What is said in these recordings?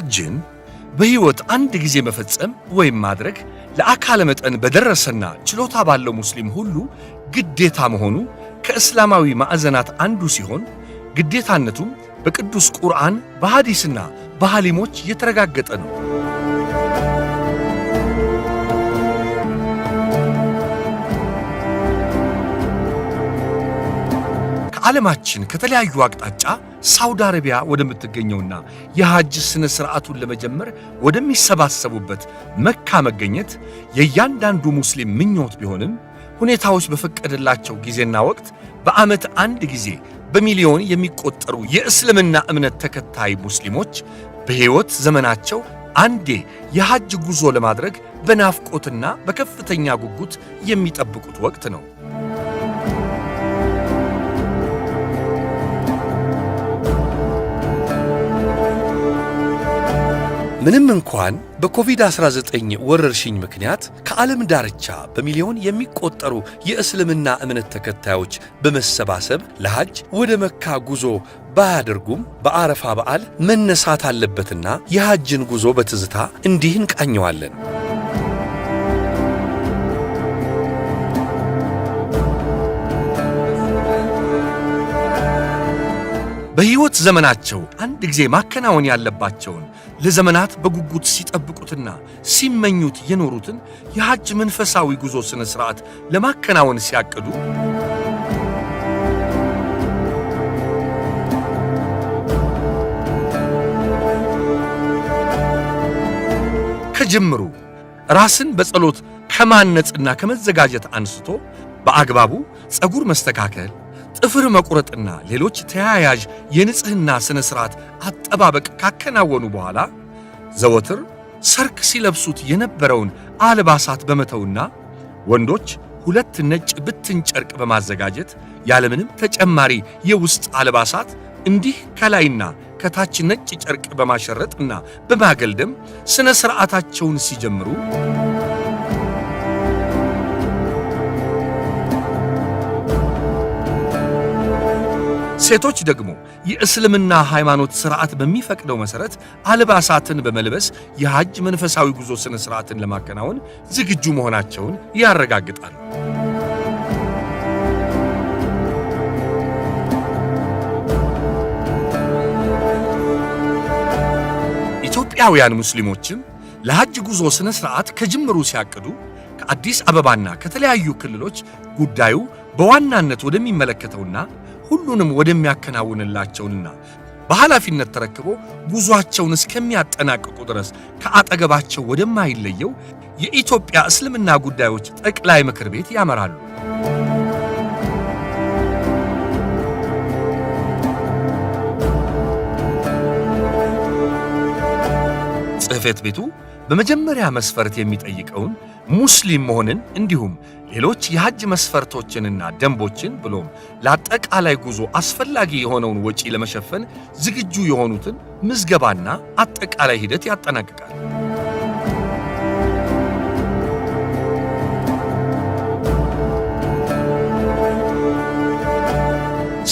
ሐጅን በሕይወት አንድ ጊዜ መፈጸም ወይም ማድረግ ለአካለ መጠን በደረሰና ችሎታ ባለው ሙስሊም ሁሉ ግዴታ መሆኑ ከእስላማዊ ማዕዘናት አንዱ ሲሆን ግዴታነቱም በቅዱስ ቁርአን በሐዲስና በሐሊሞች የተረጋገጠ ነው። ከዓለማችን ከተለያዩ አቅጣጫ ሳውዲ አረቢያ ወደምትገኘውና የሐጅ ሥነ ሥርዓቱን ለመጀመር ወደሚሰባሰቡበት መካ መገኘት የእያንዳንዱ ሙስሊም ምኞት ቢሆንም ሁኔታዎች በፈቀደላቸው ጊዜና ወቅት በዓመት አንድ ጊዜ በሚሊዮን የሚቆጠሩ የእስልምና እምነት ተከታይ ሙስሊሞች በሕይወት ዘመናቸው አንዴ የሐጅ ጉዞ ለማድረግ በናፍቆትና በከፍተኛ ጉጉት የሚጠብቁት ወቅት ነው። ምንም እንኳን በኮቪድ-19 ወረርሽኝ ምክንያት ከዓለም ዳርቻ በሚሊዮን የሚቆጠሩ የእስልምና እምነት ተከታዮች በመሰባሰብ ለሐጅ ወደ መካ ጉዞ ባያደርጉም በአረፋ በዓል መነሳት አለበትና የሐጅን ጉዞ በትዝታ እንዲህ እንቃኘዋለን። በሕይወት ዘመናቸው አንድ ጊዜ ማከናወን ያለባቸውን ለዘመናት በጉጉት ሲጠብቁትና ሲመኙት የኖሩትን የሐጅ መንፈሳዊ ጉዞ ሥነ ሥርዓት ለማከናወን ሲያቅዱ ከጅምሩ ራስን በጸሎት ከማነጽና ከመዘጋጀት አንስቶ በአግባቡ ጸጉር መስተካከል ጥፍር መቁረጥና ሌሎች ተያያዥ የንጽህና ሥነ ሥርዓት አጠባበቅ ካከናወኑ በኋላ ዘወትር ሰርክ ሲለብሱት የነበረውን አልባሳት በመተውና ወንዶች ሁለት ነጭ ብትን ጨርቅ በማዘጋጀት ያለምንም ተጨማሪ የውስጥ አልባሳት እንዲህ ከላይና ከታች ነጭ ጨርቅ በማሸረጥና በማገልደም ሥነ ሥርዓታቸውን ሲጀምሩ ሴቶች ደግሞ የእስልምና ሃይማኖት ስርዓት በሚፈቅደው መሰረት አልባሳትን በመልበስ የሐጅ መንፈሳዊ ጉዞ ሥነ ሥርዓትን ለማከናወን ዝግጁ መሆናቸውን ያረጋግጣል። ኢትዮጵያውያን ሙስሊሞችም ለሐጅ ጉዞ ሥነ ሥርዓት ከጅምሩ ሲያቅዱ ከአዲስ አበባና ከተለያዩ ክልሎች ጉዳዩ በዋናነት ወደሚመለከተውና ሁሉንም ወደሚያከናውንላቸውና በኃላፊነት ተረክቦ ጉዟቸውን እስከሚያጠናቅቁ ድረስ ከአጠገባቸው ወደማይለየው የኢትዮጵያ እስልምና ጉዳዮች ጠቅላይ ምክር ቤት ያመራሉ። ጽሕፈት ቤቱ በመጀመሪያ መስፈርት የሚጠይቀውን ሙስሊም መሆንን እንዲሁም ሌሎች የሐጅ መስፈርቶችንና ደንቦችን ብሎም ለአጠቃላይ ጉዞ አስፈላጊ የሆነውን ወጪ ለመሸፈን ዝግጁ የሆኑትን ምዝገባና አጠቃላይ ሂደት ያጠናቅቃል።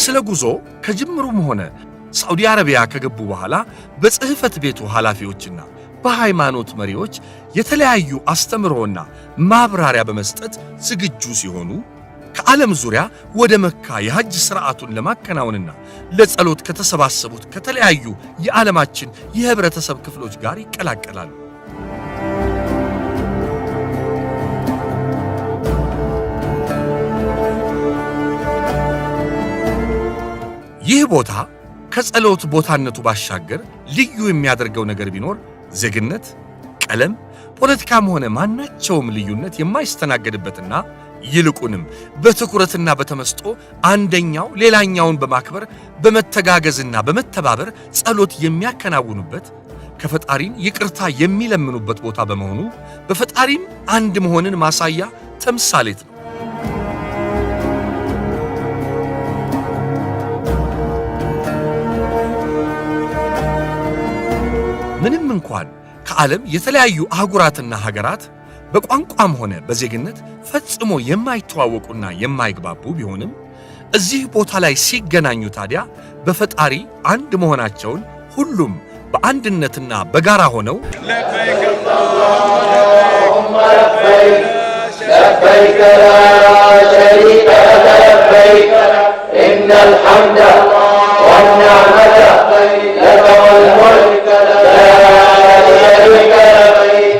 ስለ ጉዞ ከጅምሩም ሆነ ሳዑዲ አረቢያ ከገቡ በኋላ በጽሕፈት ቤቱ ኃላፊዎችና በሃይማኖት መሪዎች የተለያዩ አስተምሮና ማብራሪያ በመስጠት ዝግጁ ሲሆኑ ከዓለም ዙሪያ ወደ መካ የሐጅ ሥርዓቱን ለማከናወንና ለጸሎት ከተሰባሰቡት ከተለያዩ የዓለማችን የህብረተሰብ ክፍሎች ጋር ይቀላቀላሉ። ይህ ቦታ ከጸሎት ቦታነቱ ባሻገር ልዩ የሚያደርገው ነገር ቢኖር ዜግነት፣ ቀለም፣ ፖለቲካም ሆነ ማናቸውም ልዩነት የማይስተናገድበትና ይልቁንም በትኩረትና በተመስጦ አንደኛው ሌላኛውን በማክበር በመተጋገዝና በመተባበር ጸሎት የሚያከናውኑበት ከፈጣሪም ይቅርታ የሚለምኑበት ቦታ በመሆኑ በፈጣሪም አንድ መሆንን ማሳያ ተምሳሌት ነው። እንኳን ከዓለም የተለያዩ አህጉራትና ሀገራት በቋንቋም ሆነ በዜግነት ፈጽሞ የማይተዋወቁና የማይግባቡ ቢሆንም እዚህ ቦታ ላይ ሲገናኙ ታዲያ በፈጣሪ አንድ መሆናቸውን ሁሉም በአንድነትና በጋራ ሆነው ለበይክ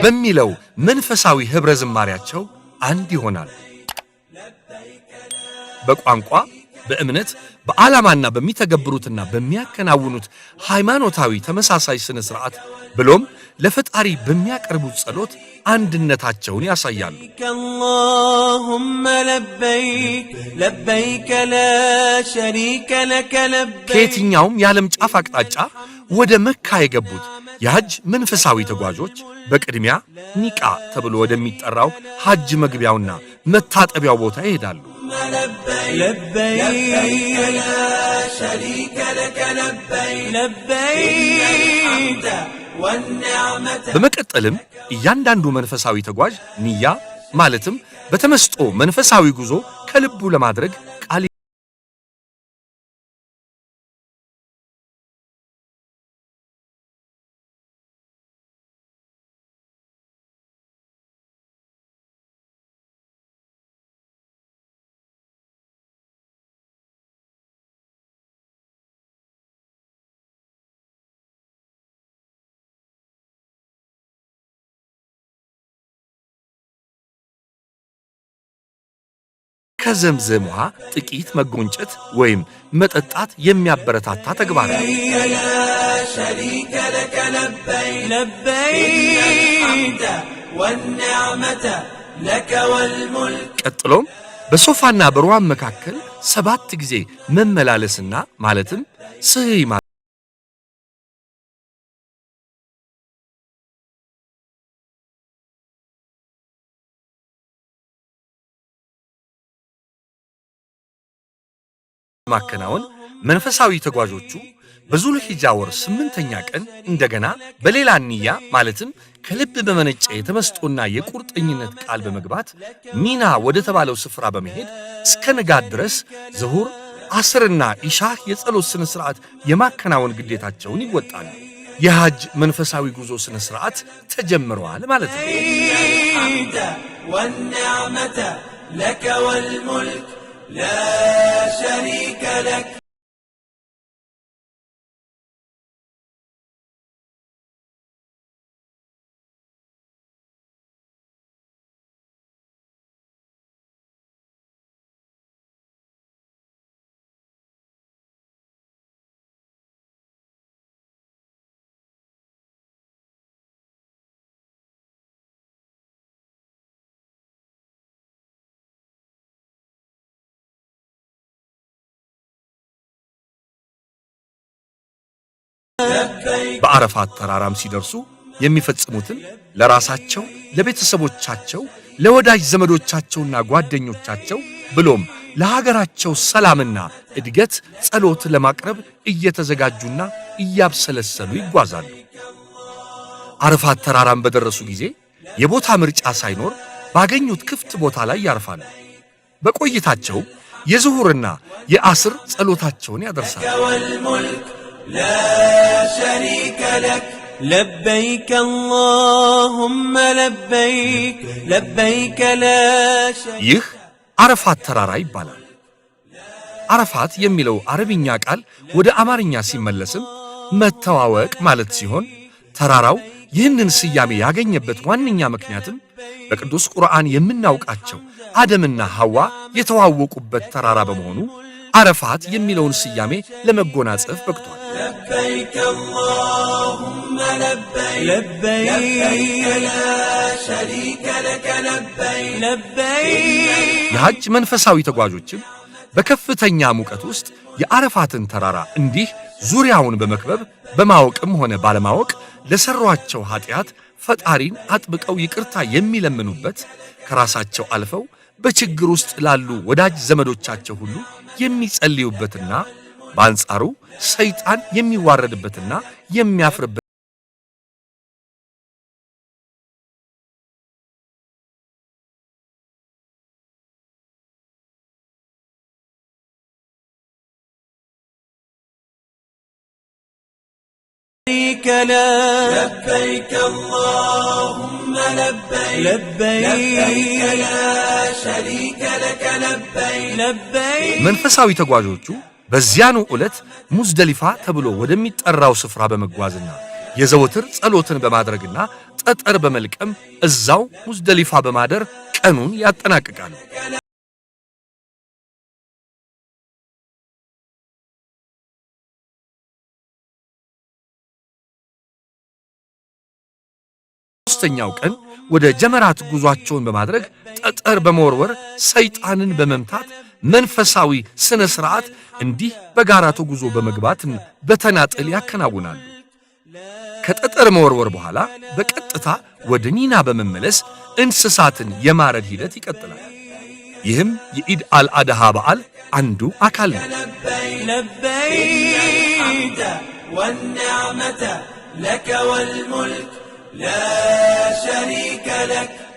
በሚለው መንፈሳዊ ኅብረ ዝማሪያቸው አንድ ይሆናል። በቋንቋ በእምነት በዓላማና በሚተገብሩትና በሚያከናውኑት ሃይማኖታዊ ተመሳሳይ ሥነ ሥርዓት ብሎም ለፈጣሪ በሚያቀርቡት ጸሎት አንድነታቸውን ያሳያሉ። ከየትኛውም የዓለም ጫፍ አቅጣጫ ወደ መካ የገቡት የሐጅ መንፈሳዊ ተጓዦች በቅድሚያ ኒቃ ተብሎ ወደሚጠራው ሐጅ መግቢያውና መታጠቢያው ቦታ ይሄዳሉ። በመቀጠልም እያንዳንዱ መንፈሳዊ ተጓዥ ንያ ማለትም በተመስጦ መንፈሳዊ ጉዞ ከልቡ ለማድረግ ከዘምዘም ውሃ ጥቂት መጎንጨት ወይም መጠጣት የሚያበረታታ ተግባር ነው። ቀጥሎም በሶፋና በሩዋን መካከል ሰባት ጊዜ መመላለስና ማለትም ስህይ ማከናወን መንፈሳዊ ተጓዦቹ በዙል ወር ስምንተኛ ቀን እንደገና በሌላ ንያ ማለትም ከልብ በመነጨ የተመስጦና የቁርጠኝነት ቃል በመግባት ሚና ወደ ተባለው ስፍራ በመሄድ እስከ ንጋት ድረስ ዝሁር አስርና ኢሻህ የጸሎት ሥነ ሥርዓት የማከናወን ግዴታቸውን ይወጣሉ። የሐጅ መንፈሳዊ ጉዞ ሥነ ሥርዓት ተጀምረዋል ማለት ነው። لا شريك لك በአረፋት ተራራም ሲደርሱ የሚፈጽሙትን ለራሳቸው፣ ለቤተሰቦቻቸው፣ ለወዳጅ ዘመዶቻቸውና ጓደኞቻቸው ብሎም ለሀገራቸው ሰላምና እድገት ጸሎት ለማቅረብ እየተዘጋጁና እያብሰለሰሉ ይጓዛሉ። አረፋት ተራራም በደረሱ ጊዜ የቦታ ምርጫ ሳይኖር ባገኙት ክፍት ቦታ ላይ ያርፋሉ። በቆይታቸው የዙሁርና የአስር ጸሎታቸውን ያደርሳል። لا شريك لك لبيك اللهم لبيك لبيك لا ይህ አረፋት ተራራ ይባላል። አረፋት የሚለው አረብኛ ቃል ወደ አማርኛ ሲመለስም መተዋወቅ ማለት ሲሆን ተራራው ይህንን ስያሜ ያገኘበት ዋነኛ ምክንያትም በቅዱስ ቁርአን የምናውቃቸው አደምና ሐዋ የተዋወቁበት ተራራ በመሆኑ አረፋት የሚለውን ስያሜ ለመጎናጸፍ በቅቷል። ለበይከ አላሁመ የሐጅ መንፈሳዊ ተጓዦችም በከፍተኛ ሙቀት ውስጥ የአረፋትን ተራራ እንዲህ ዙሪያውን በመክበብ በማወቅም ሆነ ባለማወቅ ለሰሯቸው ኀጢአት ፈጣሪን አጥብቀው ይቅርታ የሚለምኑበት ከራሳቸው አልፈው በችግር ውስጥ ላሉ ወዳጅ ዘመዶቻቸው ሁሉ የሚጸልዩበትና በአንጻሩ ሰይጣን የሚዋረድበትና የሚያፍርበት لبيك لا لبيك اللهم لبيك لبيك لا شريك لك لبيك لبيك መንፈሳዊ ተጓዦቹ በዚያኑ ዕለት ሙዝደሊፋ ተብሎ ወደሚጠራው ስፍራ በመጓዝና የዘወትር ጸሎትን በማድረግና ጠጠር በመልቀም እዛው ሙዝደሊፋ በማደር ቀኑን ያጠናቅቃሉ። በሦስተኛው ቀን ወደ ጀመራት ጉዟቸውን በማድረግ ጠጠር በመወርወር ሰይጣንን በመምታት መንፈሳዊ ሥነ ሥርዓት እንዲህ በጋራ ተጉዞ በመግባትም በተናጠል ያከናውናሉ። ከጠጠር መወርወር በኋላ በቀጥታ ወደ ኒና በመመለስ እንስሳትን የማረድ ሂደት ይቀጥላል። ይህም የኢድ አልአድሃ በዓል አንዱ አካል ነው። ለበይከ ወኒዕመተ ለከ ወልሙልክ لا شريك لك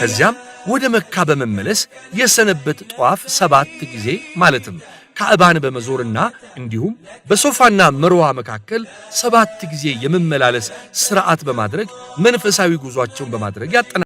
ከዚያም ወደ መካ በመመለስ የሰነበት ጠዋፍ ሰባት ጊዜ ማለትም ካዕባን በመዞርና እንዲሁም በሶፋና መርዋ መካከል ሰባት ጊዜ የመመላለስ ሥርዓት በማድረግ መንፈሳዊ ጉዟቸውን በማድረግ ያጠና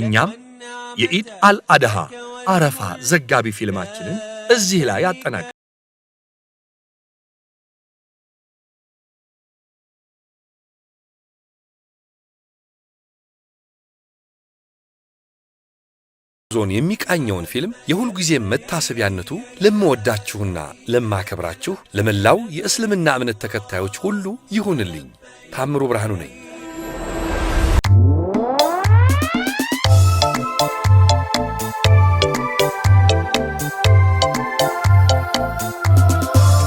እኛም የኢድ አልአድሃ አረፋ ዘጋቢ ፊልማችንን እዚህ ላይ አጠናቀ ዞን የሚቃኘውን ፊልም የሁልጊዜ መታሰቢያነቱ ለምወዳችሁና ለማከብራችሁ ለመላው የእስልምና እምነት ተከታዮች ሁሉ ይሁንልኝ። ታምሩ ብርሃኑ ነኝ።